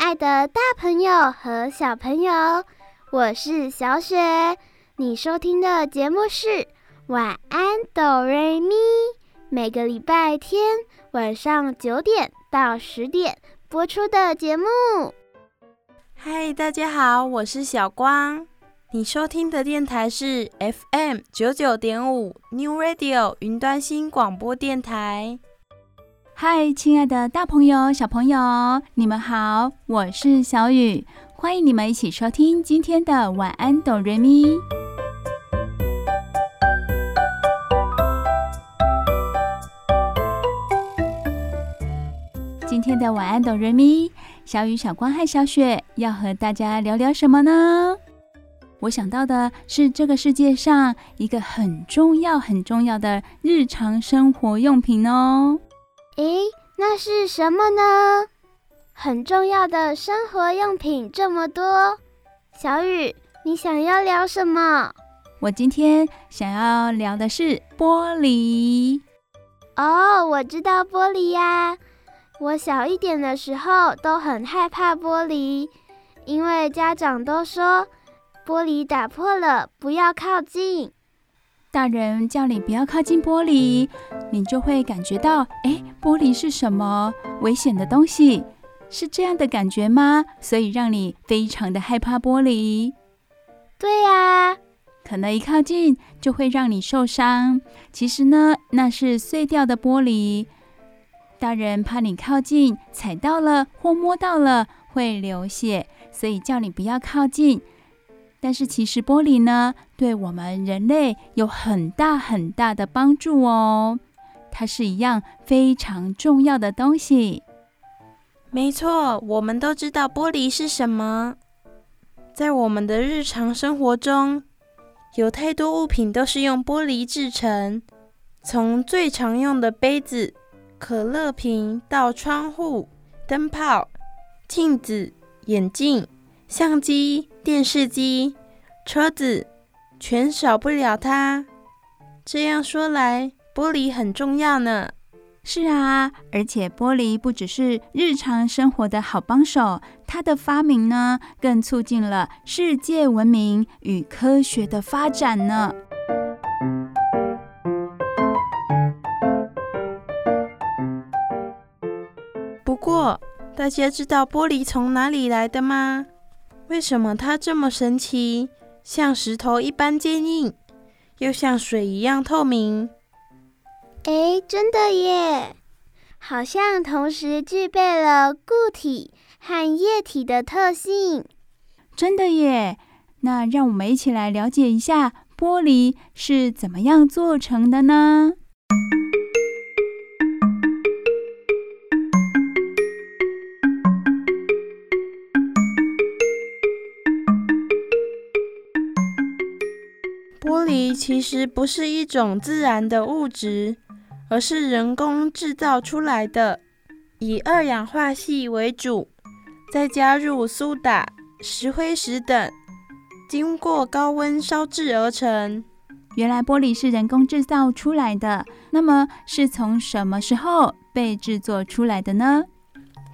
愛的大朋友和小朋友，我是小雪，你收聽的節目是《晚安哆瑞咪》，每個禮拜天晚上九點到十點播出的節目。嗨，大家好，我是小光，你收聽的電台是 FM 九九點五 New Radio 雲端新廣播電台。嗨，Hi, 親愛的大朋友、小朋友，你們好！我是小雨，歡迎你們一起收聽今天的晚安哆瑞咪。今天的晚安哆瑞咪，小雨、小光和小雪要和大家聊聊什麼呢？我想到的是這個世界上一個很重要、很重要的日常生活用品哦。誒，那是什麼呢？很重要的生活用品這麼多，小雨，你想要聊什麼？我今天想要聊的是玻璃。哦，oh, 我知道玻璃呀、啊。我小一點的時候都很害怕玻璃，因為家長都說玻璃打破了不要靠近。大人叫你不要靠近玻璃，你就會感覺到，哎，玻璃是什麼危險的東西？是這樣的感覺嗎？所以讓你非常的害怕玻璃。對呀，可能一靠近就會讓你受傷。其實呢，那是碎掉的玻璃，大人怕你靠近踩到了或摸到了會流血，所以叫你不要靠近。但是其實玻璃呢，對我們人類有很大很大的幫助哦，它是一樣非常重要的東西。沒錯，我們都知道玻璃是什麼。在我們的日常生活中，有太多物品都是用玻璃製成，從最常用的杯子、可樂瓶到窗戶、燈泡、鏡子、眼鏡。相機、電視機、車子，全少不了它。這樣說來，玻璃很重要呢。是啊，而且玻璃不只是日常生活的好幫手，它的發明呢，更促進了世界文明與科學的發展呢。不過，大家知道玻璃從哪裡來的嗎？為什麼它這麼神奇？像石頭一般堅硬，又像水一樣透明。哎，真的耶！好像同時具備了固體和液體的特性。真的耶！那讓我們一起來了解一下玻璃是怎麼樣做成的呢？其實不是一種自然的物質，而是人工製造出來的，以二氧化矽為主，再加入蘇打、石灰石等，經過高溫燒製而成。原來玻璃是人工製造出來的，那麼是從什麼時候被製作出來的呢？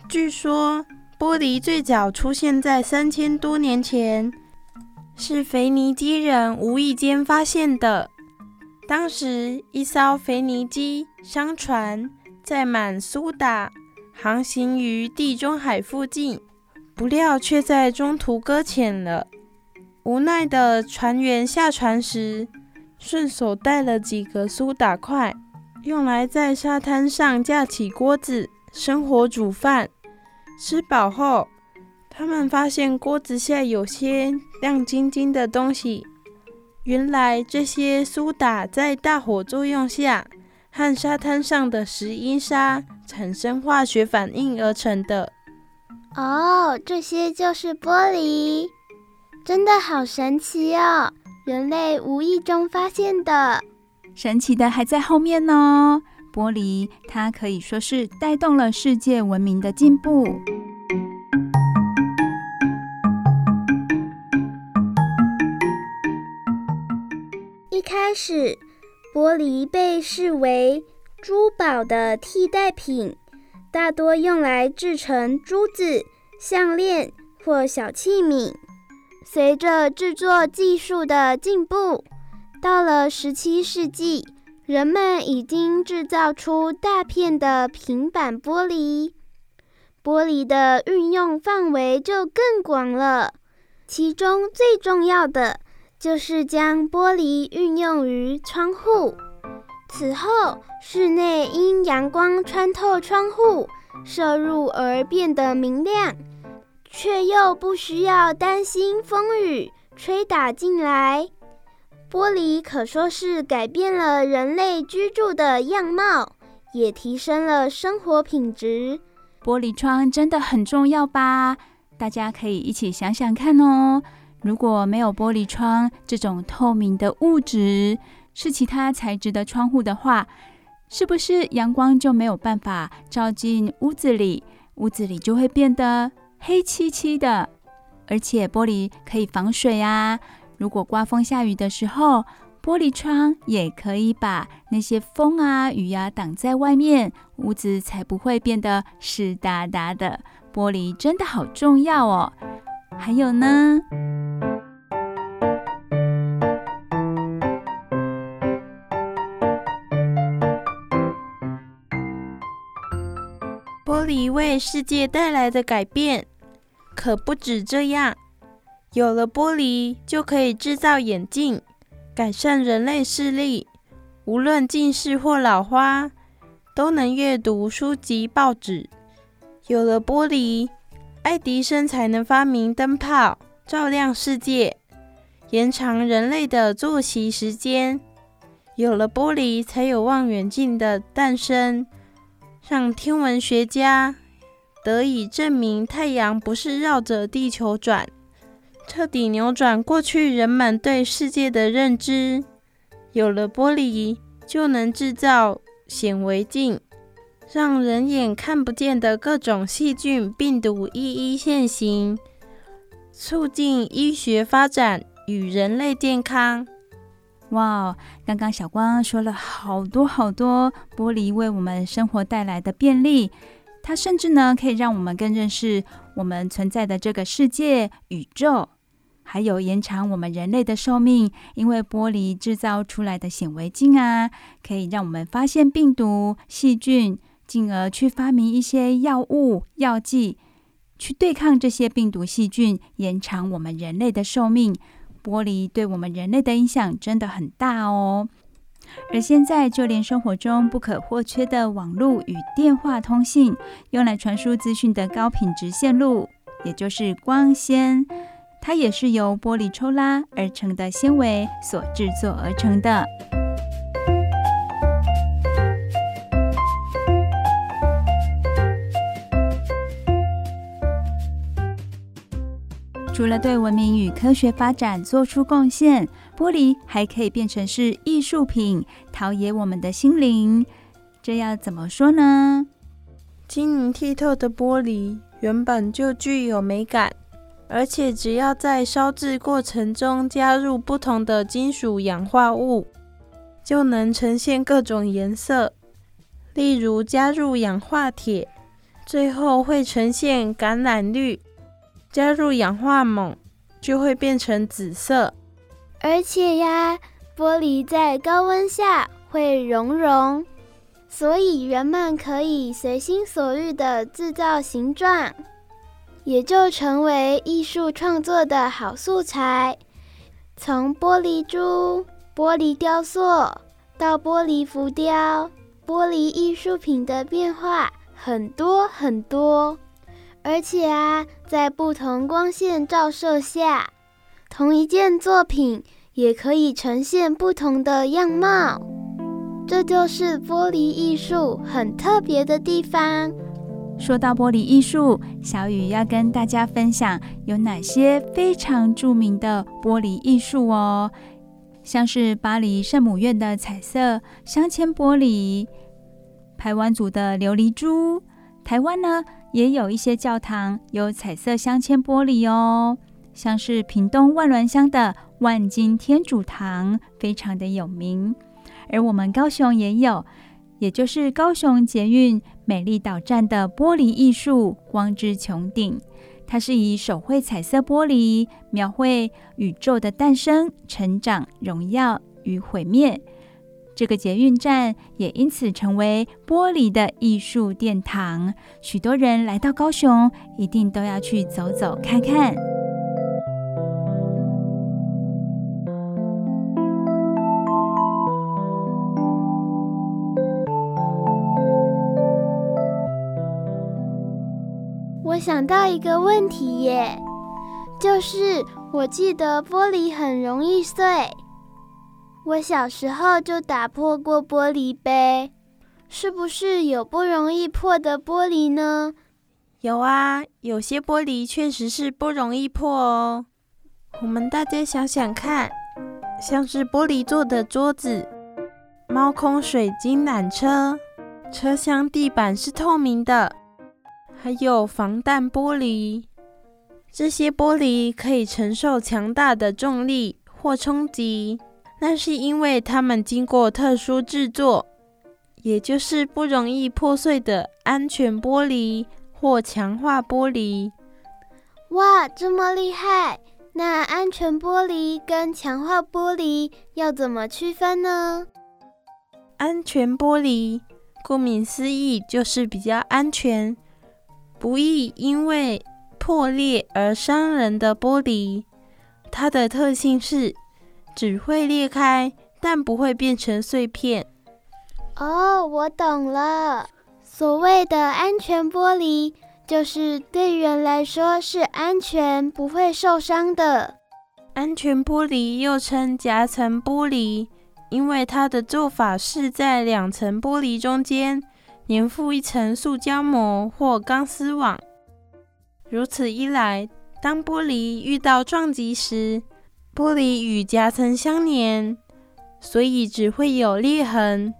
據說玻璃最早出現在三千多年前。是腓尼基人無意間發現的。當時一艘腓尼基商船載滿蘇打航行於地中海附近，不料卻在中途擱淺了。無奈的船員下船時，順手帶了幾個蘇打塊，用來在沙灘上架起鍋子，生火煮飯。吃飽後。他們發現鍋子下有些亮晶晶的東西，原來這些蘇打在大火作用下，和沙灘上的石英砂產生化學反應而成的。哦，這些就是玻璃，真的好神奇哦！人類無意中發現的，神奇的還在後面呢、哦。玻璃它可以說是帶動了世界文明的進步。開始，玻璃被視為珠寶的替代品，大多用來制成珠子、項鏈或小器皿。隨着制作技術的進步，到了17世紀，人們已經制造出大片的平板玻璃，玻璃的運用範圍就更廣了。其中最重要的。就是將玻璃運用於窗戶，此後室內因陽光穿透窗戶射入而變得明亮，卻又不需要擔心風雨吹打進來。玻璃可說是改變了人類居住的樣貌，也提升了生活品質。玻璃窗真的很重要吧？大家可以一起想想看哦。如果沒有玻璃窗這種透明的物質，是其他材質的窗戶的話，是不是陽光就沒有辦法照進屋子裡？屋子裡就會變得黑漆漆的。而且玻璃可以防水啊，如果刮風下雨的時候，玻璃窗也可以把那些風啊、雨啊擋在外面，屋子才不會變得濕噠噠的。玻璃真的好重要哦。還有呢，玻璃為世界帶來的改變可不止這樣。有了玻璃，就可以制造眼鏡，改善人類視力，無論近視或老花，都能閱讀書籍、報紙。有了玻璃，愛迪生才能發明燈泡，照亮世界，延長人類的作息時間。有了玻璃，才有望遠鏡的誕生，讓天文學家得以證明太陽不是繞着地球轉，徹底扭轉過去人們對世界的認知。有了玻璃，就能制造顯微鏡。讓人眼看不見的各種細菌、病毒一一現形，促進醫學發展與人類健康。哇，剛剛小光說了好多好多玻璃為我們生活帶來的便利。它甚至呢，可以讓我們更認識我們存在的這個世界、宇宙，還有延長我們人類的壽命。因為玻璃製造出來的顯微鏡啊，可以讓我們發現病毒、細菌。進而去發明一些藥物、藥劑，去對抗這些病毒細菌，延長我們人類的壽命。玻璃對我們人類的影響真的很大哦。而現在，就連生活中不可或缺的網路與電話通信，用來傳輸資訊的高品質線路，也就是光纖，它也是由玻璃抽拉而成的纖維所製作而成的。除了對文明與科學發展做出貢獻，玻璃還可以變成是藝術品，陶冶我們的心靈。這要怎麼說呢？晶瑩剔透的玻璃原本就具有美感，而且只要在燒製過程中加入不同的金屬氧化物，就能呈現各種顏色。例如加入氧化鐵，最後會呈現橄欖綠。加入氧化錳就會變成紫色，而且呀，玻璃在高溫下會熔融，所以人們可以隨心所欲的製造形狀，也就成為藝術創作的好素材。從玻璃珠、玻璃雕塑到玻璃浮雕、玻璃藝術品的變化很多很多。而且啊，在不同光線照射下，同一件作品也可以呈現不同的樣貌，這就是玻璃藝術很特別的地方。說到玻璃藝術，小雨要跟大家分享有哪些非常著名的玻璃藝術哦，像是巴黎聖母院的彩色鑲嵌玻璃，排灣族的琉璃珠，台灣呢。也有一些教堂有彩色鑲嵌玻璃哦，像是屏東萬巒鄉的萬金天主堂，非常的有名。而我們高雄也有，也就是高雄捷運美麗島站的玻璃藝術光之穹頂，它是以手繪彩色玻璃描繪宇宙的誕生、成長、榮耀與毀滅。這個捷運站也因此成為玻璃的藝術殿堂，許多人來到高雄，一定都要去走走看看。我想到一個問題耶，就是我記得玻璃很容易碎。我小時候就打破過玻璃杯，是不是有不容易破的玻璃呢？有啊，有些玻璃確實是不容易破哦。我們大家想想看，像是玻璃做的桌子、貓空水晶纜車車廂地板是透明的，還有防彈玻璃，這些玻璃可以承受強大的重力或衝擊。那是因為它們經過特殊製作，也就是不容易破碎的安全玻璃或強化玻璃。哇，這麼厲害！那安全玻璃跟強化玻璃要怎麼區分呢？安全玻璃顧名思義就是比較安全，不易因為破裂而傷人的玻璃。它的特性是。只會裂開，但不會變成碎片。哦，oh, 我懂了。所謂的安全玻璃，就是對人來說是安全，不會受傷的。安全玻璃又稱夾層玻璃，因為它的做法是在兩層玻璃中間粘附一層塑膠膜或鋼絲網。如此一來，當玻璃遇到撞擊時，玻璃與夾層相連，所以只會有裂痕，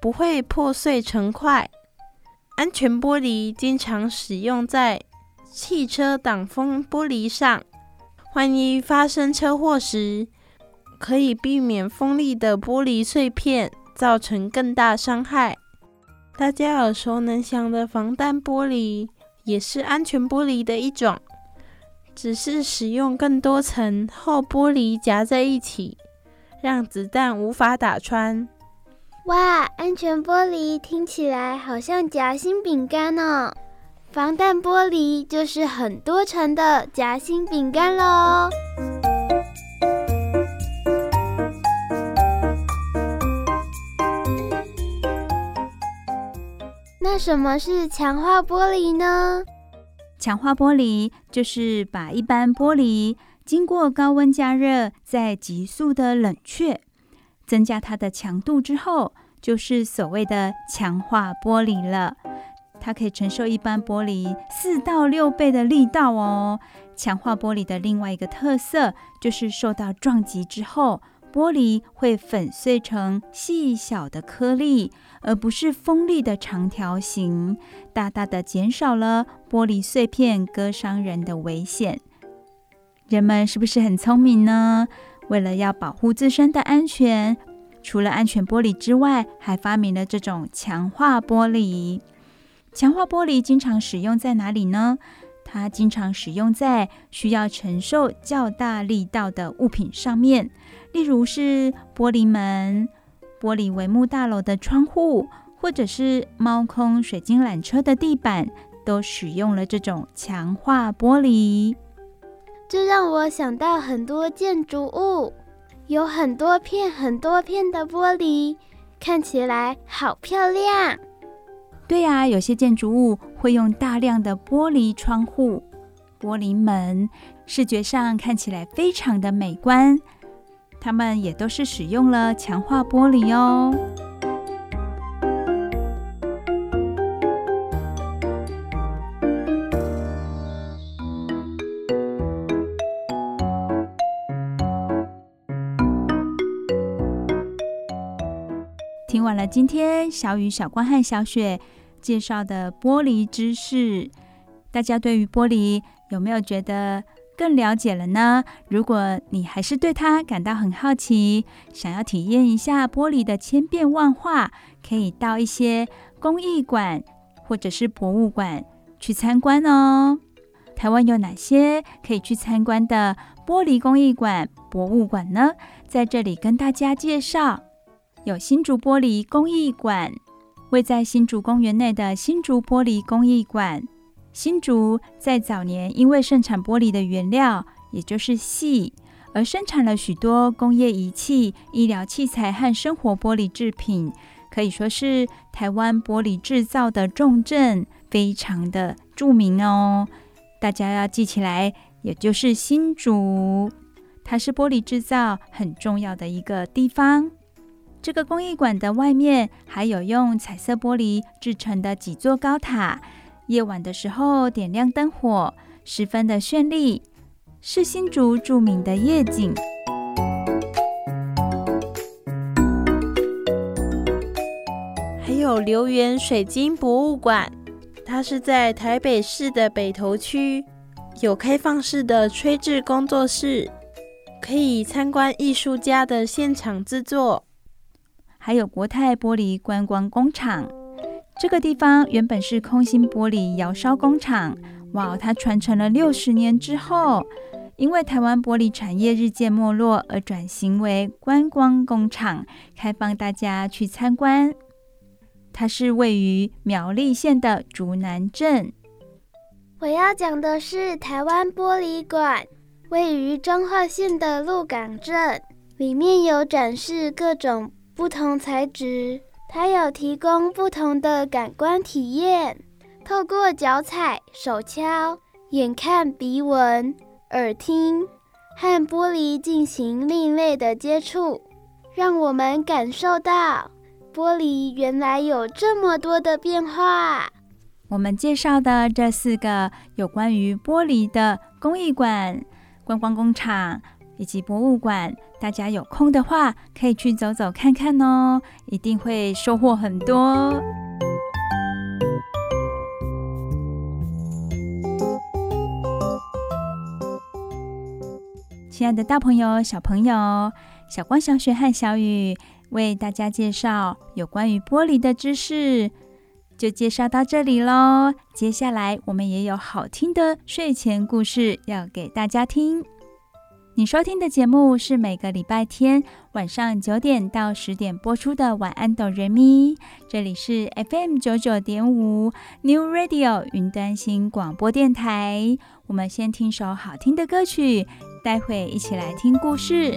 不會破碎成塊。安全玻璃經常使用在汽車擋風玻璃上，萬一發生車禍時，可以避免鋒利的玻璃碎片造成更大傷害。大家耳熟能詳的防彈玻璃也是安全玻璃的一種。只是使用更多層厚玻璃夾在一起，讓子彈無法打穿。哇，安全玻璃聽起來好像夾心餅乾哦。防彈玻璃就是很多層的夾心餅乾嘍。 那什麼是強化玻璃呢？強化玻璃就是把一般玻璃經過高溫加熱，再急速的冷卻，增加它的強度之後，就是所謂的強化玻璃了。它可以承受一般玻璃四到六倍的力道哦。強化玻璃的另外一個特色就是受到撞擊之後，玻璃會粉碎成細小的顆粒。而不是鋒利的長條形，大大的減少了玻璃碎片割傷人的危險。人們是不是很聰明呢？為了要保護自身的安全，除了安全玻璃之外，還發明了這種強化玻璃。強化玻璃經常使用在哪裡呢？它經常使用在需要承受較大力道的物品上面，例如是玻璃門。玻璃帷幕大樓的窗戶，或者是貓空水晶纜車的地板，都使用了這種強化玻璃。這讓我想到很多建築物，有很多片很多片的玻璃，看起來好漂亮。對啊，有些建築物會用大量的玻璃窗戶、玻璃門，視覺上看起來非常的美觀。他們也都是使用了強化玻璃哦。聽完了今天小雨、小光和小雪介紹的玻璃知識，大家對於玻璃有沒有覺得？更了解了呢。如果你還是對它感到很好奇，想要體驗一下玻璃的千變萬化，可以到一些工藝館或者是博物館去參觀哦。台灣有哪些可以去參觀的玻璃工藝館、博物館呢？在這裡跟大家介紹，有新竹玻璃工藝館，位在新竹公園內的新竹玻璃工藝館。新竹在早年因為盛產玻璃的原料，也就是矽，而生產了許多工業儀器、醫療器材和生活玻璃制品，可以說是台灣玻璃制造的重鎮，非常的著名哦。大家要記起來，也就是新竹，它是玻璃制造很重要的一個地方。這個工藝館的外面還有用彩色玻璃制成的幾座高塔。夜晚的時候，點亮燈火，十分的絢麗，是新竹著名的夜景。還有琉園水晶博物館，它是在台北市的北投區，有開放式的吹制工作室，可以參觀藝術家的現場製作。還有國泰玻璃觀光工廠。這個地方原本是空心玻璃窯燒工廠，哇！它傳承了六十年之後，因為台灣玻璃產業日漸沒落而轉型為觀光工廠，開放大家去參觀。它是位於苗栗縣的竹南鎮。我要講的是台灣玻璃館，位於彰化縣的鹿港鎮，裡面有展示各種不同材質。它有提供不同的感官體驗，透過腳踩、手敲、眼看、鼻聞、耳聽和玻璃進行另類的接觸，讓我們感受到玻璃原來有這麼多的變化。我們介紹的這四個有關於玻璃的工藝館、觀光工廠，以及博物館，大家有空的話可以去走走看看哦，一定會收穫很多。親愛的，大朋友、小朋友，小光、小雪和小雨為大家介紹有關於玻璃的知識，就介紹到這裡咯。接下來我們也有好聽的睡前故事要給大家聽。你收聽的節目是每個禮拜天晚上九點到十點播出的《晚安，哆瑞咪》。這裡是 FM 九九點五 New Radio 雲端新廣播電臺。我們先聽首好聽的歌曲，待會一起來聽故事。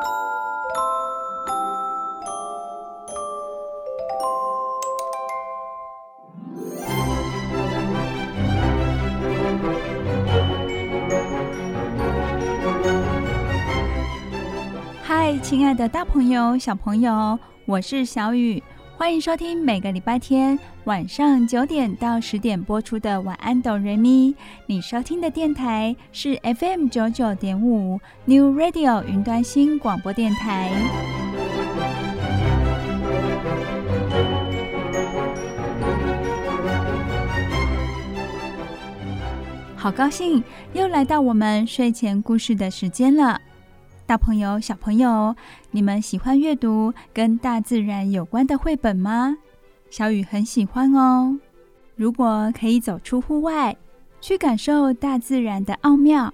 親愛的，大朋友、小朋友，我是小雨，歡迎收聽每個禮拜天晚上九點到十點播出的《晚安，Do Re Mi》。你收聽的電台是 FM 九九點五 New Radio 雲端新廣播電台。好高興又來到我們睡前故事的時間了。大朋友，小朋友，你們喜歡閱讀跟大自然有關的繪本嗎？小雨很喜歡哦。如果可以走出戶外，去感受大自然的奧妙，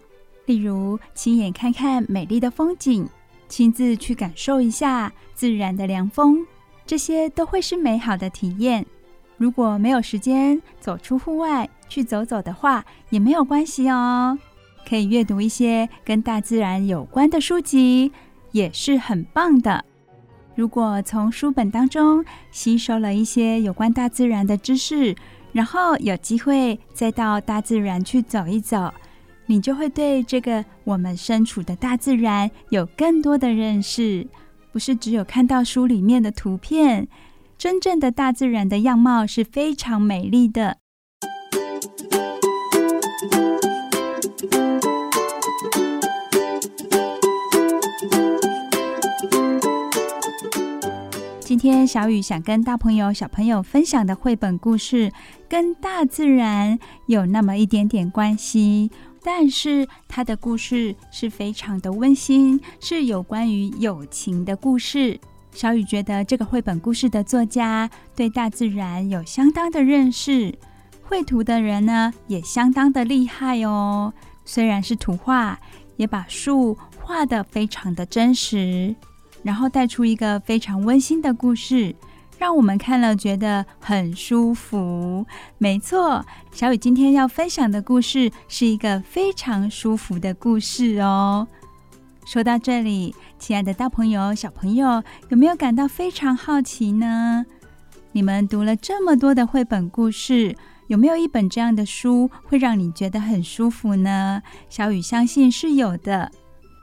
例如親眼看看美麗的風景，親自去感受一下自然的涼風，這些都會是美好的體驗。如果沒有時間走出戶外去走走的話，也沒有關係哦。可以閱讀一些跟大自然有關的書籍，也是很棒的。如果從書本當中吸收了一些有關大自然的知識，然後有機會再到大自然去走一走，你就會對這個我們身處的大自然有更多的認識。不是只有看到書裡面的圖片，真正的大自然的樣貌是非常美麗的。今天小雨想跟大朋友、小朋友分享的繪本故事，跟大自然有那麼一點點關係，但是它的故事是非常的溫馨，是有關於友情的故事。小雨覺得這個繪本故事的作家對大自然有相當的認識，繪圖的人呢也相當的厲害哦。雖然是圖畫，也把樹畫得非常的真實。然後帶出一個非常溫馨的故事，讓我們看了覺得很舒服。沒錯，小雨今天要分享的故事是一個非常舒服的故事哦。說到這裡，親愛的大朋友、小朋友，有沒有感到非常好奇呢？你們讀了這麼多的繪本故事，有沒有一本這樣的書會讓你覺得很舒服呢？小雨相信是有的。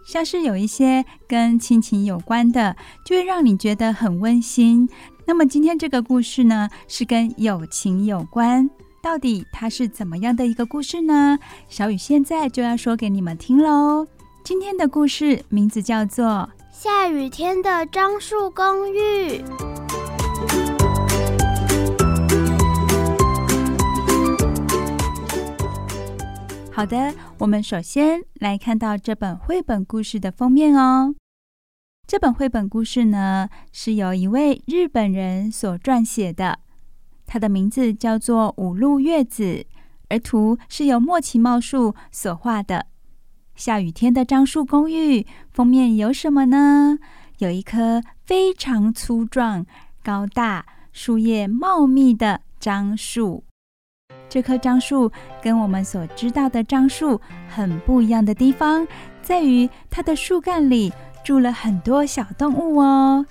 像是有一些跟親情有關的，就會讓你覺得很溫馨。那麼今天這個故事呢，是跟友情有關。到底它是怎麼樣的一個故事呢？小雨現在就要說給你們聽嘍。今天的故事名字叫做《下雨天的樟樹公寓》。好的，我們首先來看到這本繪本故事的封面哦。這本繪本故事呢，是由一位日本人所撰寫的，他的名字叫做五鹿悅子，而圖是由末崎茂樹所畫的。下雨天的樟樹公寓封面有什麼呢？有一棵非常粗壯、高大、樹葉茂密的樟樹。這棵樟樹跟我們所知道的樟樹很不一樣的地方，在於它的樹幹裡住了很多小動物哦。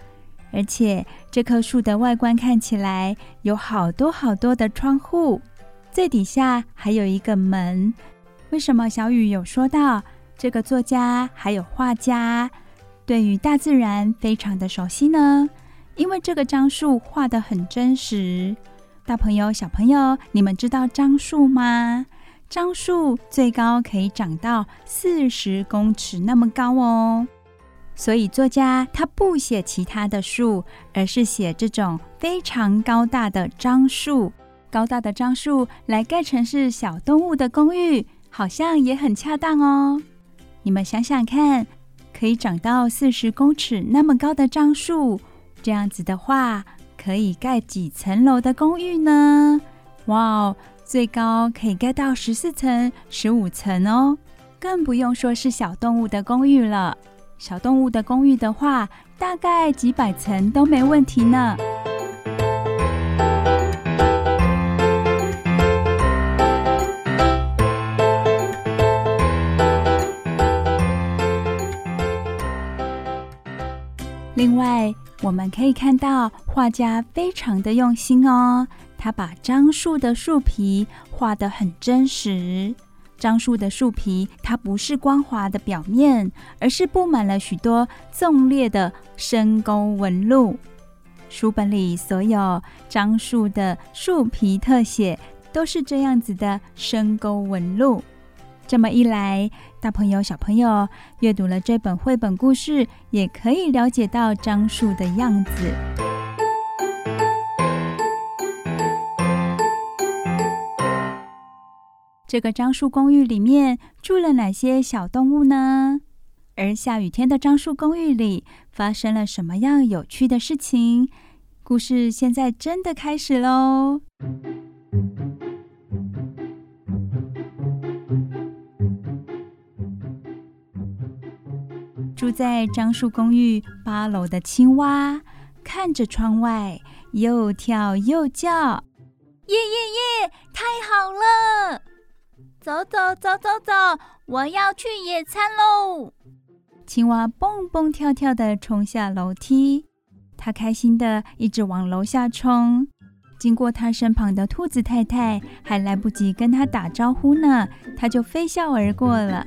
而且這棵樹的外觀看起來有好多好多的窗戶，最底下還有一個門。為什麼小雨有說到這個作家還有畫家對於大自然非常的熟悉呢？因為這個樟樹畫得很真實。大朋友、小朋友，你們知道樟樹嗎？樟樹最高可以長到四十公尺那麼高哦。所以作家他不寫其他的樹，而是寫這種非常高大的樟樹。高大的樟樹來蓋城市小動物的公寓，好像也很恰當哦。你們想想看，可以長到四十公尺那麼高的樟樹，這樣子的話。可以蓋幾層樓的公寓呢？哇哦，最高可以蓋到十四層、十五層哦！更不用說是小動物的公寓了。小動物的公寓的話，大概幾百層都沒問題呢。另外，我們可以看到畫家非常的用心哦。他把樟樹的樹皮畫得很真實。樟樹的樹皮，它不是光滑的表面，而是布滿了許多縱裂的深溝紋路。書本裡所有樟樹的樹皮特寫都是這樣子的深溝紋路。這麼一來，大朋友、小朋友閱讀了這本繪本故事，也可以了解到樟樹的樣子。這個樟樹公寓裡面住了哪些小動物呢？而下雨天的樟樹公寓裡發生了什麼樣有趣的事情？故事現在真的開始嘍！住在樟樹公寓八樓的青蛙，看着窗外，又跳又叫，耶耶耶！太好了！走走走走走，我要去野餐嘍！青蛙蹦蹦跳跳的衝下樓梯，它開心的一直往樓下衝。經過它身旁的兔子太太還來不及跟它打招呼呢，它就飛嘯而過了。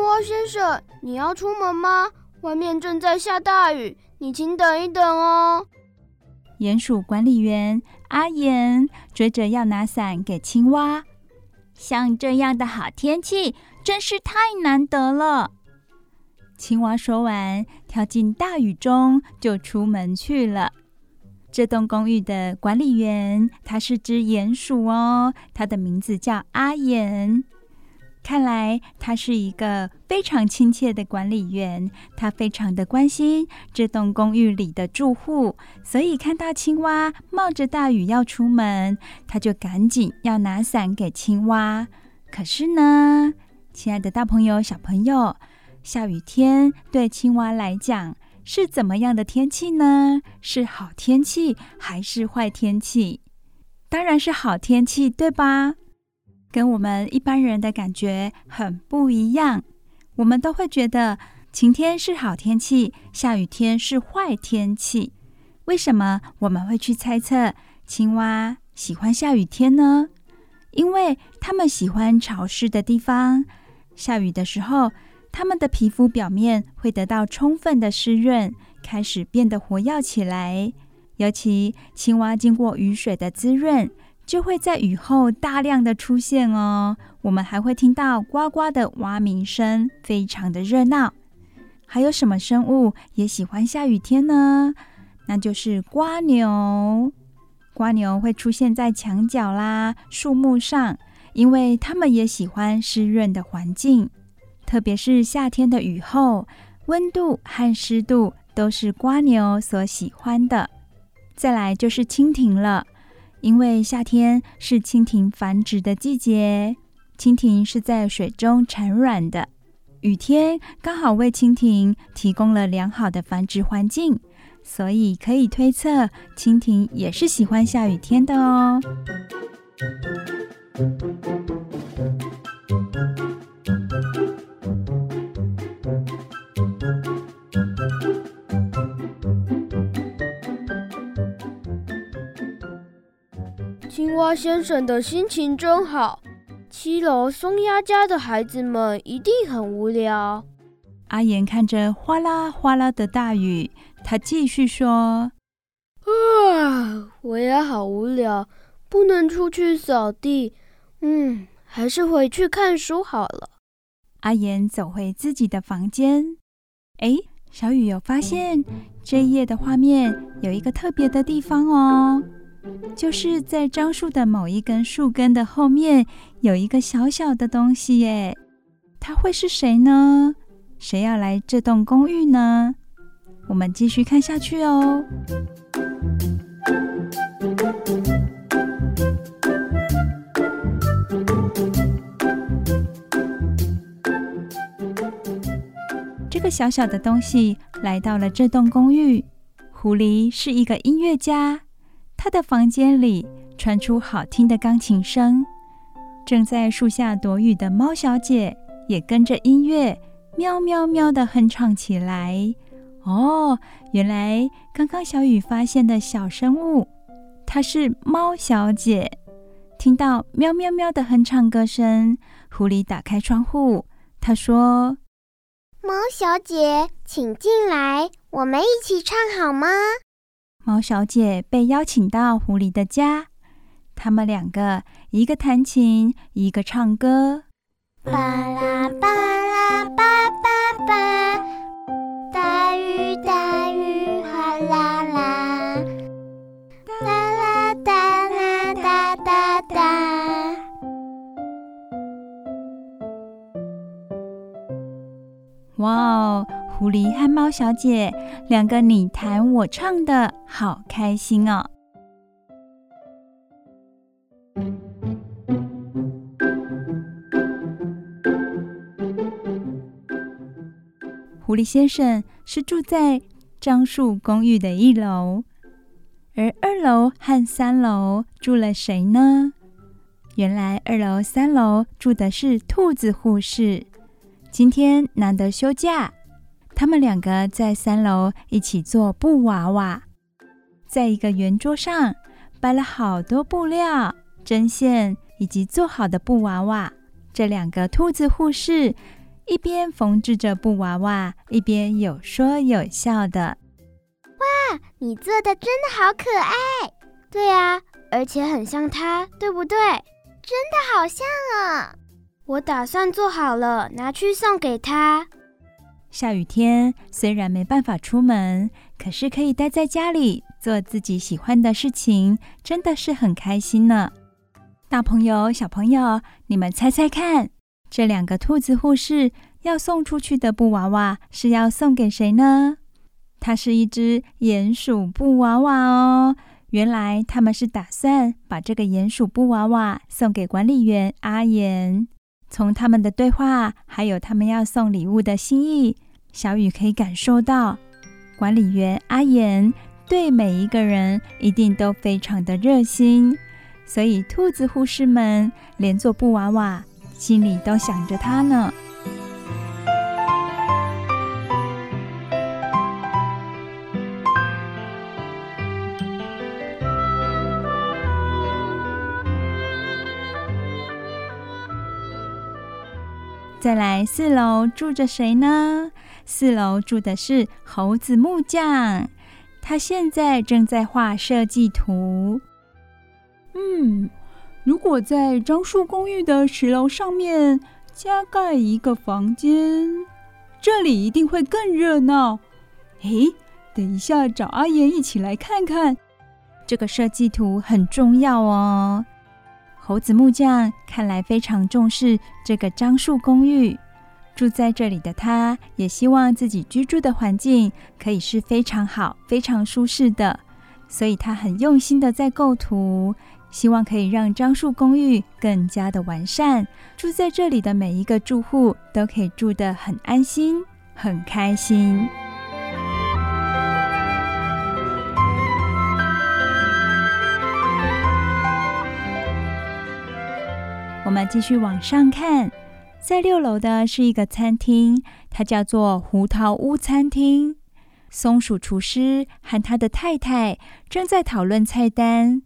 青蛙先生，你要出門嗎？外面正在下大雨，你請等一等哦。鼴鼠管理員阿鼴追着要拿傘給青蛙。像這樣的好天氣真是太難得了。青蛙說完，跳進大雨中就出門去了。這棟公寓的管理員，他是只鼴鼠哦，他的名字叫阿鼴。看來他是一個非常親切的管理員，他非常的關心這棟公寓裡的住戶，所以看到青蛙冒着大雨要出門，他就趕緊要拿傘給青蛙。可是呢，親愛的大朋友、小朋友，下雨天對青蛙來講是怎麼樣的天氣呢？是好天氣還是壞天氣？當然是好天氣，對吧？跟我們一般人的感覺很不一樣，我們都會覺得晴天是好天氣，下雨天是壞天氣。為什麼我們會去猜測青蛙喜歡下雨天呢？因為它們喜歡潮濕的地方，下雨的時候，它們的皮膚表面會得到充分的濕潤，開始變得活躍起來。尤其青蛙經過雨水的滋潤。就會在雨後大量的出現哦。我們還會聽到呱呱的蛙鳴聲，非常的熱鬧。還有什麼生物也喜歡下雨天呢？那就是蝸牛。蝸牛會出現在牆角啦、樹木上，因為它們也喜歡濕潤的環境，特別是夏天的雨後，溫度和濕度都是蝸牛所喜歡的。再來就是蜻蜓了。因為夏天是蜻蜓繁殖的季節，蜻蜓是在水中產卵的，雨天剛好為蜻蜓提供了良好的繁殖環境，所以可以推測，蜻蜓也是喜歡下雨天的哦。青蛙先生的心情真好。七樓松鴨家的孩子們一定很無聊。阿言看着嘩啦嘩啦的大雨，他繼續說：“啊，我也好無聊，不能出去掃地，嗯，還是回去看書好了。”阿言走回自己的房間。誒，小雨有發現這一頁的畫面有一個特別的地方哦。就是在樟樹的某一根樹根的後面有一個小小的東西耶，它會是誰呢？誰要來這棟公寓呢？我們繼續看下去哦。 這個小小的東西來到了這棟公寓。狐狸是一個音樂家。他的房間裡傳出好聽的鋼琴聲，正在樹下躲雨的貓小姐也跟着音樂喵喵喵的哼唱起來。哦，原來剛剛小雨發現的小生物，它是貓小姐。聽到喵喵喵的哼唱歌聲，狐狸打開窗戶，他說：“貓小姐，請進來，我們一起唱好嗎？”貓小姐被邀請到狐狸的家，他們兩個一個彈琴，一個唱歌。啦啦啦啦啦啦啦，大雨大雨嘩啦、啊、啦，啦啦啦啦啦啦啦。哇哦！狐狸和貓小姐，兩個你彈我唱的好開心哦！狐狸先生是住在樟樹公寓的一樓，而二樓和三樓住了誰呢？原來二樓、三樓住的是兔子護士，今天難得休假。他們兩個在三樓一起做布娃娃，在一個圓桌上擺了好多布料、針線以及做好的布娃娃。這兩個兔子護士一邊縫制着布娃娃，一邊有說有笑的。哇，你做的真的好可愛！對啊，而且很像它，對不對？真的好像啊！我打算做好了拿去送給他。下雨天雖然沒辦法出門，可是可以待在家裡做自己喜歡的事情，真的是很開心呢。大朋友、小朋友，你們猜猜看，這兩個兔子護士要送出去的布娃娃是要送給誰呢？它是一隻鼴鼠布娃娃哦。原來他們是打算把這個鼴鼠布娃娃送給管理員阿岩。從他們的對話，還有他們要送禮物的心意，小雨可以感受到，管理員阿言對每一個人一定都非常的熱心，所以兔子護士們連做布娃娃，心裡都想着他呢。再來四樓住着誰呢？四樓住的是猴子木匠，他現在正在畫設計圖。嗯，如果在樟樹公寓的十樓上面加蓋一個房間，這裡一定會更熱鬧。誒，等一下找阿言一起來看看，這個設計圖很重要哦。猴子木匠看來非常重視這個樟樹公寓，住在這裡的他，也希望自己居住的環境可以是非常好、非常舒適的，所以他很用心的在構圖，希望可以讓樟樹公寓更加的完善，住在這裡的每一個住戶都可以住得很安心、很開心。我們繼續往上看，在六樓的是一個餐廳，它叫做胡桃屋餐廳。松鼠廚師和他的太太正在討論菜單。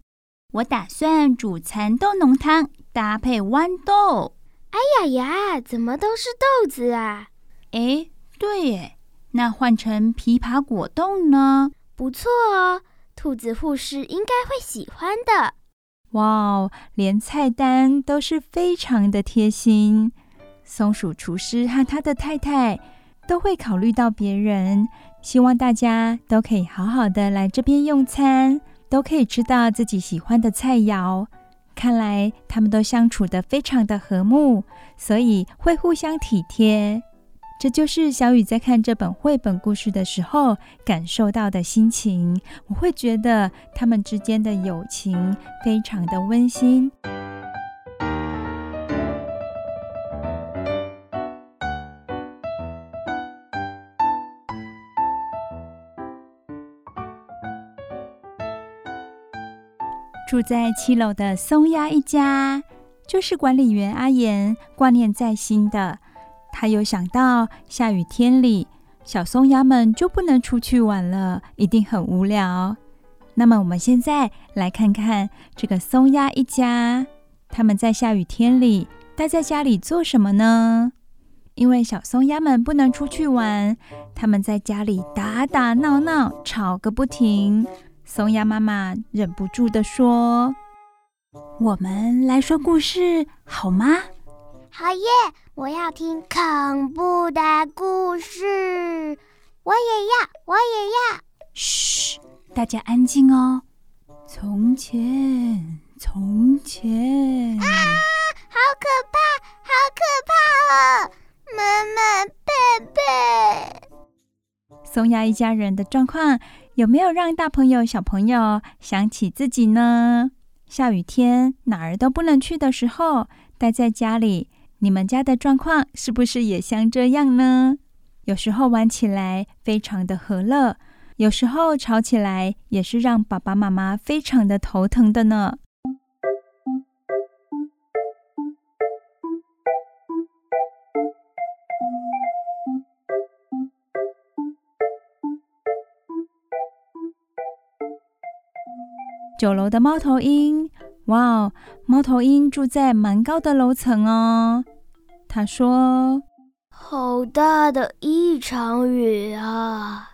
我打算煮蠶豆濃湯搭配豌豆。哎呀呀，怎麼都是豆子啊？哎，對耶，那換成枇杷果凍呢？不錯哦，兔子護士應該會喜歡的。哇哦，連菜單都是非常的貼心。松鼠廚師和他的太太都會考慮到別人，希望大家都可以好好的來這邊用餐，都可以吃到自己喜歡的菜餚。看來他們都相處的非常的和睦，所以會互相體貼。這就是小雨在看這本繪本故事的時候感受到的心情。我會覺得他們之間的友情非常的溫馨。住在七樓的松鴨一家，就是管理員阿言掛念在心的。他又想到下雨天裡，小松鴨們就不能出去玩了，一定很無聊。那麼，我們現在來看看這個松鴨一家，他們在下雨天裡待在家裡做什麼呢？因為小松鴨們不能出去玩，他們在家裡打打鬧鬧，吵個不停。松鴨媽媽忍不住地說：“我們來說故事好嗎？”“好耶！”我要聽恐怖的故事。我也要，我也要。噓，大家安靜哦。從前，從前。啊，好可怕，好可怕哦！媽媽，爸爸，松鴨一家人的狀況有沒有讓大朋友、小朋友想起自己呢？下雨天哪兒都不能去的時候，待在家裡。你們家的狀況是不是也像這樣呢？有時候玩起來非常的和樂，有時候吵起來也是讓爸爸媽媽非常的頭疼的呢。九樓的貓頭鷹，哇哦，貓頭鷹住在蠻高的樓層哦。他說：“好大的一場雨啊！”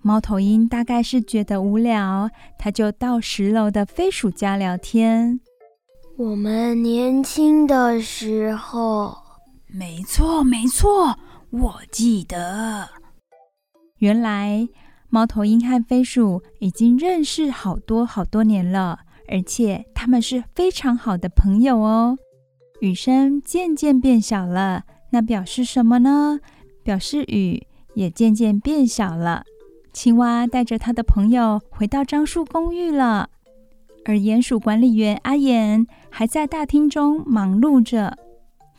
貓頭鷹大概是覺得無聊，他就到十樓的飛鼠家聊天。我們年輕的時候，沒錯，沒錯，我記得。原來貓頭鷹和飛鼠已經認識好多好多年了，而且他們是非常好的朋友哦。雨聲漸漸變小了，那表示什麼呢？表示雨也漸漸變小了。青蛙帶着他的朋友回到樟樹公寓了，而鼴鼠管理員阿鼴還在大廳中忙碌着。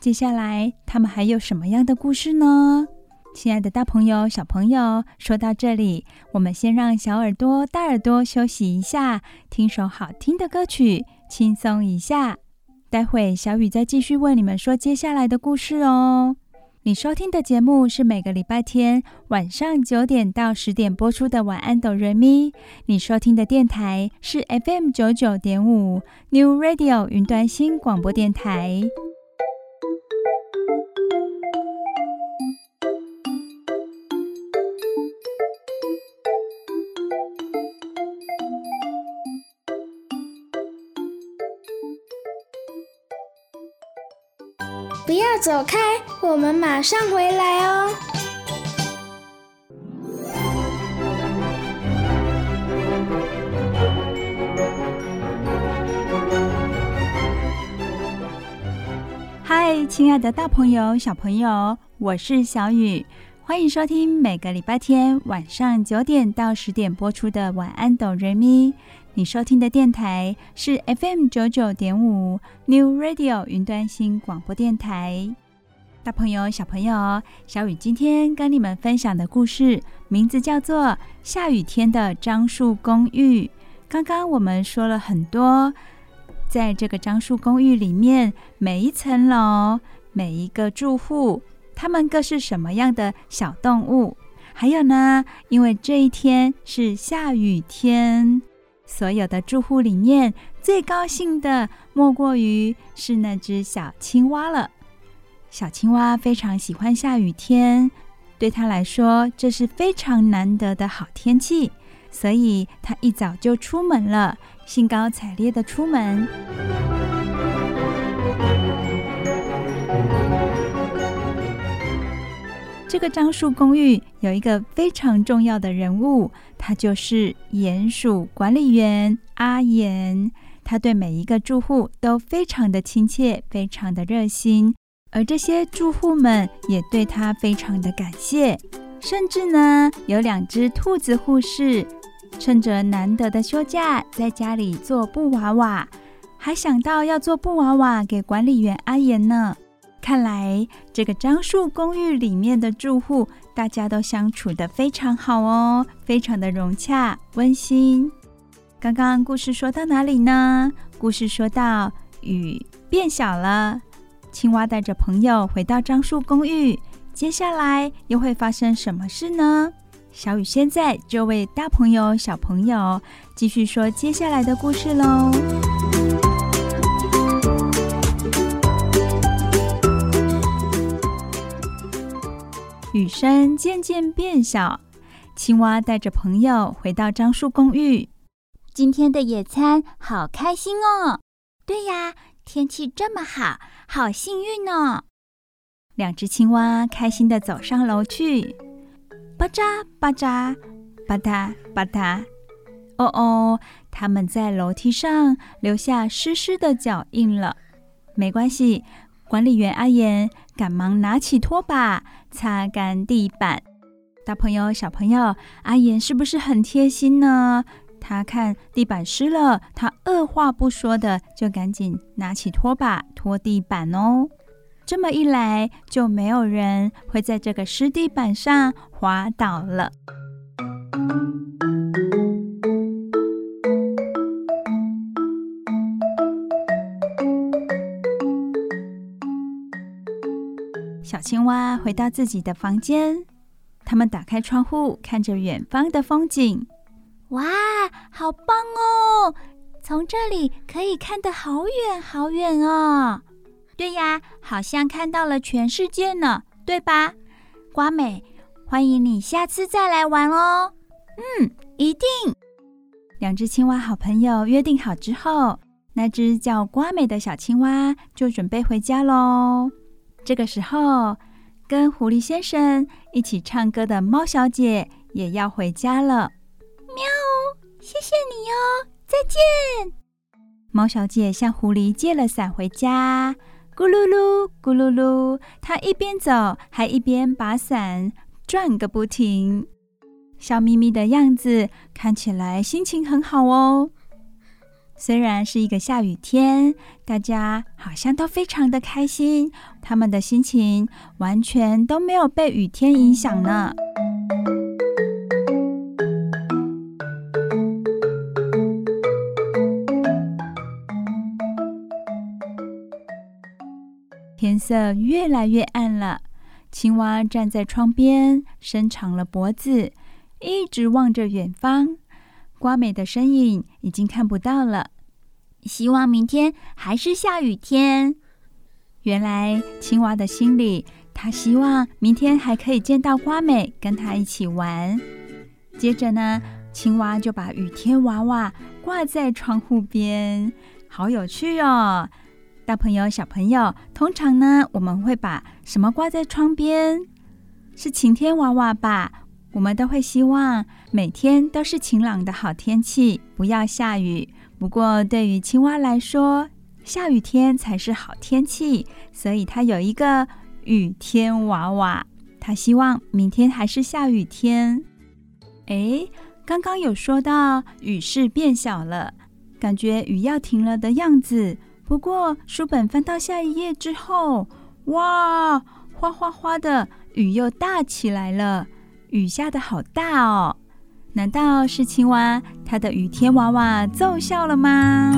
接下來他們還有什麼樣的故事呢？親愛的，大朋友、小朋友，說到這裡，我們先讓小耳朵、大耳朵休息一下，聽首好聽的歌曲，輕鬆一下。待會小雨再繼續為你們說接下來的故事哦。你收聽的節目是每個禮拜天晚上九點到十點播出的《晚安哆瑞咪》，你收聽的電台是 FM 九九點五 New Radio 雲端新廣播電台。走開，我們馬上回來哦。嗨，親愛的大朋友、小朋友，我是小雨，歡迎收聽每個禮拜天晚上九點到十點播出的《晚安，Do Re Mi》。你收聽的電台是 FM 九九點五 New Radio 雲端新廣播電台。大朋友、小朋友，小雨今天跟你們分享的故事名字叫做《下雨天的樟樹公寓》。剛剛我們說了很多，在這個樟樹公寓裡面，每一層樓、每一個住戶，他們各是什麼樣的小動物？還有呢，因為這一天是下雨天。所有的住戶裡面，最高興的莫過於是那隻小青蛙了。小青蛙非常喜歡下雨天，對他來說，這是非常難得的好天氣，所以它一早就出門了，興高采烈的出門。這個樟樹公寓有一個非常重要的人物。他就是鼴鼠管理員阿岩，他對每一個住戶都非常的親切，非常的熱心，而這些住戶們也對他非常的感謝，甚至呢，有兩隻兔子護士，趁着難得的休假，在家裡做布娃娃，還想到要做布娃娃給管理員阿岩呢。看來這個樟樹公寓裡面的住戶，大家都相處得非常好哦，非常的融洽、溫馨。剛剛故事說到哪裡呢？故事說到雨變小了，青蛙帶着朋友回到樟樹公寓，接下來又會發生什麼事呢？小雨現在就為大朋友、小朋友繼續說接下來的故事嘍。漸漸變小，青蛙帶着朋友回到樟樹公寓。今天的野餐好開心哦！對呀，天氣這麼好，好幸運哦！兩隻青蛙開心地走上樓去，巴扎巴扎，巴嗒巴嗒。哦哦，他們在樓梯上留下濕濕的腳印了。沒關係，管理員阿言，趕忙拿起拖把擦乾地板，大朋友、小朋友，阿言是不是很貼心呢？他看地板濕了，他二話不說的就趕緊拿起拖把拖地板哦。這麼一來，就沒有人會在這個濕地板上滑倒了。小青蛙回到自己的房間，他們打開窗戶，看着遠方的風景。哇，好棒哦！從這裡可以看得好遠好遠哦。對呀，好像看到了全世界呢，對吧？瓜美，歡迎你下次再來玩哦。嗯，一定。兩隻青蛙好朋友約定好之後，那隻叫瓜美的小青蛙就準備回家嘍。這個時候，跟狐狸先生一起唱歌的貓小姐也要回家了。喵，謝謝你哦，再見。貓小姐向狐狸借了傘回家，咕嚕嚕，咕嚕嚕，她一邊走還一邊把傘轉個不停，笑眯眯的樣子看起來心情很好哦。雖然是一個下雨天，大家好像都非常的開心，他們的心情完全都沒有被雨天影響呢。天色越來越暗了，青蛙站在窗邊，伸長了脖子，一直望着遠方。瓜美的身影已經看不到了。希望明天還是下雨天。原來青蛙的心裡，他希望明天還可以見到花美，跟他一起玩。接着呢，青蛙就把雨天娃娃掛在窗戶邊，好有趣哦！大朋友、小朋友，通常呢，我們會把什麼掛在窗邊？是晴天娃娃吧？我們都會希望每天都是晴朗的好天氣，不要下雨。不過，對於青蛙來說，下雨天才是好天氣，所以它有一個雨天娃娃。它希望明天還是下雨天。誒，剛剛有說到雨勢變小了，感覺雨要停了的樣子。不過，書本翻到下一頁之後，哇，嘩嘩嘩的雨又大起來了，雨下得好大哦。難道是青蛙它的雨天娃娃奏效了嗎？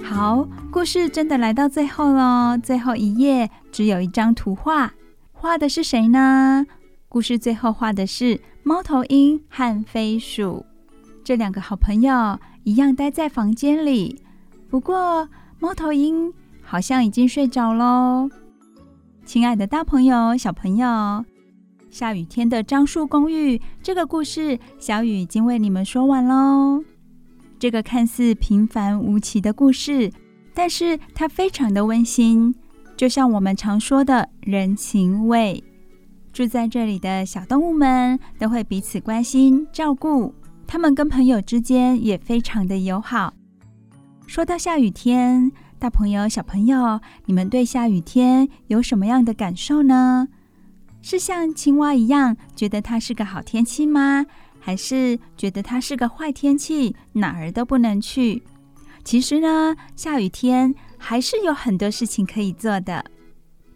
好，故事真的來到最後嘍。最後一頁只有一張圖畫，畫的是誰呢？故事最後畫的是貓頭鷹和飛鼠。這兩個好朋友一樣待在房間裡，不過貓頭鷹好像已經睡着嘍。親愛的大朋友、小朋友，下雨天的樟樹公寓這個故事，小雨已經為你們說完嘍。這個看似平凡無奇的故事，但是它非常的溫馨，就像我們常說的人情味。住在這裡的小動物們都會彼此關心照顧。他們跟朋友之間也非常的友好。說到下雨天，大朋友、小朋友，你們對下雨天有什麼樣的感受呢？是像青蛙一樣覺得它是個好天氣嗎？還是覺得它是個壞天氣，哪兒都不能去？其實呢，下雨天還是有很多事情可以做的。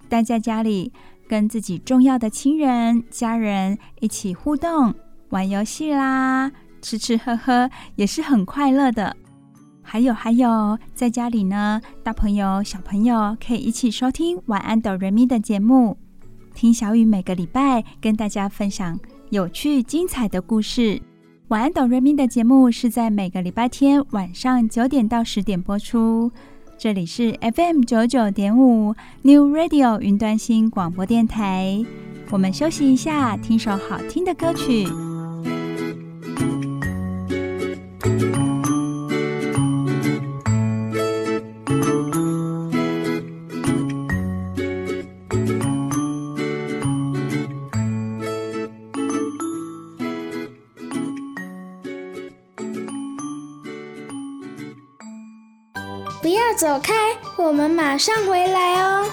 待在家裡，跟自己重要的親人、家人一起互動、玩遊戲啦。吃吃喝喝也是很快樂的，還有還有，在家裡呢，大朋友小朋友，可以一起收聽《晚安，Do Re Mi》的節目，聽小雨每個禮拜跟大家分享有趣精彩的故事。《晚安，Do Re Mi》的節目是在每個禮拜天晚上九點到十點播出。這裡是 FM 九九點五 New Radio 雲端新廣播電台，我們休息一下，聽首好聽的歌曲。走開，我們馬上回來哦。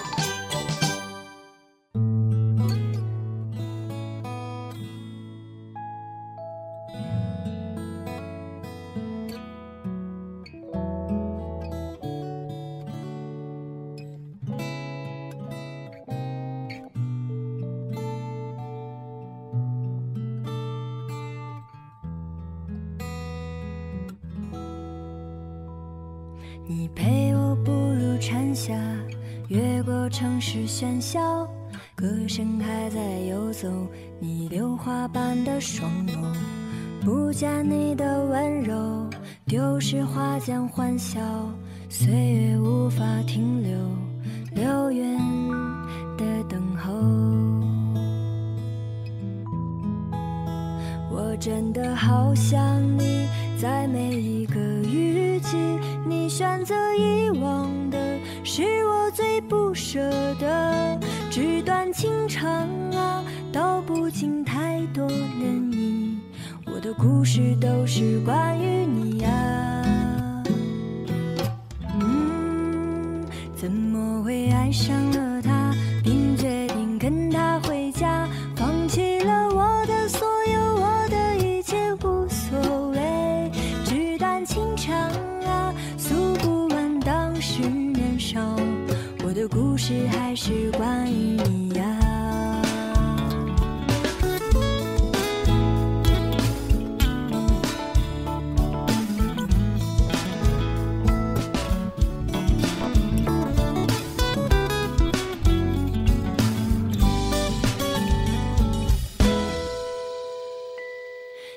越過城市喧囂，歌聲還在游走，你榴花般的雙眸，不見你的溫柔，丟失花間歡笑，歲月無法停留，流雲的等候，我真的好想你。在每一個雨季，你選擇遺忘的是我最不捨的。紙短情長啊，道不盡太多漣漪。我的故事都是關於你啊，嗯，怎麼會愛上了他？是還是關於你呀？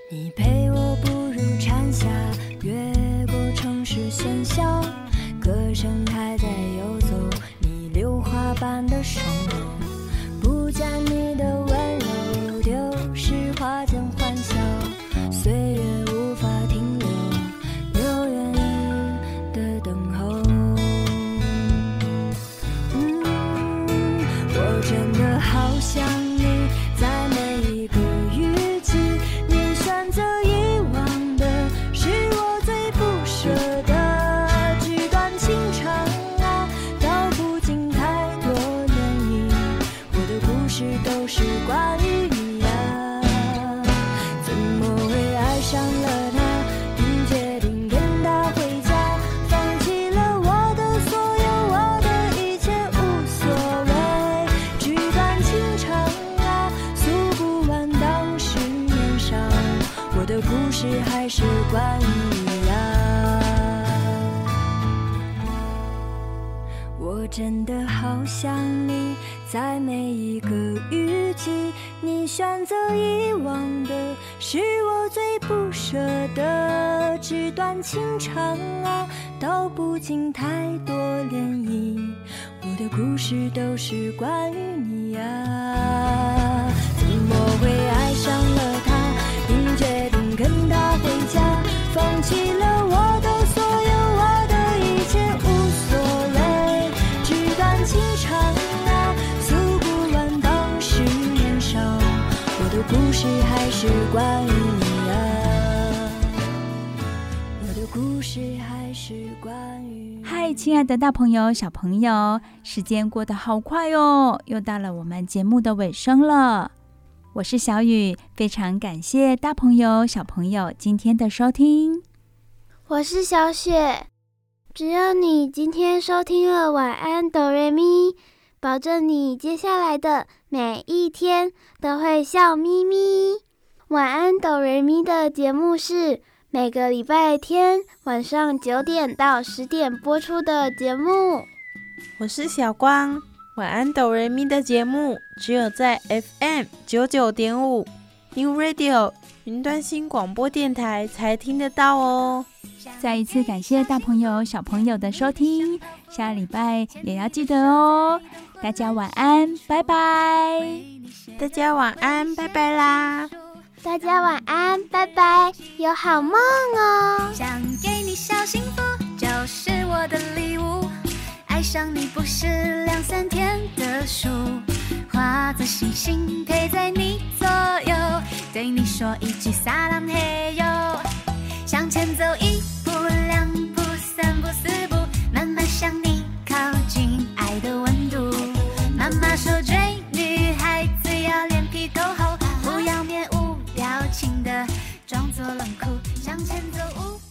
你陪我步入蟬夏，越過城市喧囂，歌聲還在。般的手，不見你。 故事還是關於。嗨，親愛的大朋友、小朋友，時間過得好快哦，又到了我們節目的尾聲了。我是小雨，非常感謝大朋友、小朋友今天的收聽。我是小雪，只要你今天收聽了晚安哆瑞咪，Mi, 保證你接下來的每一天都會笑眯眯。晚安哆瑞咪的節目是。每個禮拜天晚上九點到十點播出的節目，我是小光。晚安，Do Re Mi 的節目只有在 FM 九九點五 New Radio 雲端新廣播電台才聽得到哦。再一次感謝大朋友、小朋友的收聽，下禮拜也要記得哦。大家晚安，拜拜。大家晚安，拜拜啦。大家晚安，拜拜，有好夢哦。想給你小幸福，就是我的禮物。愛上你不是兩三天的數，化作星星陪在你左右，對你說一句撒浪嘿呦。向前走一步兩步三步四步，慢慢向你靠近，愛的溫度。媽媽說追女孩子要臉皮夠厚，不要面無。表情的，裝作冷酷，向前走。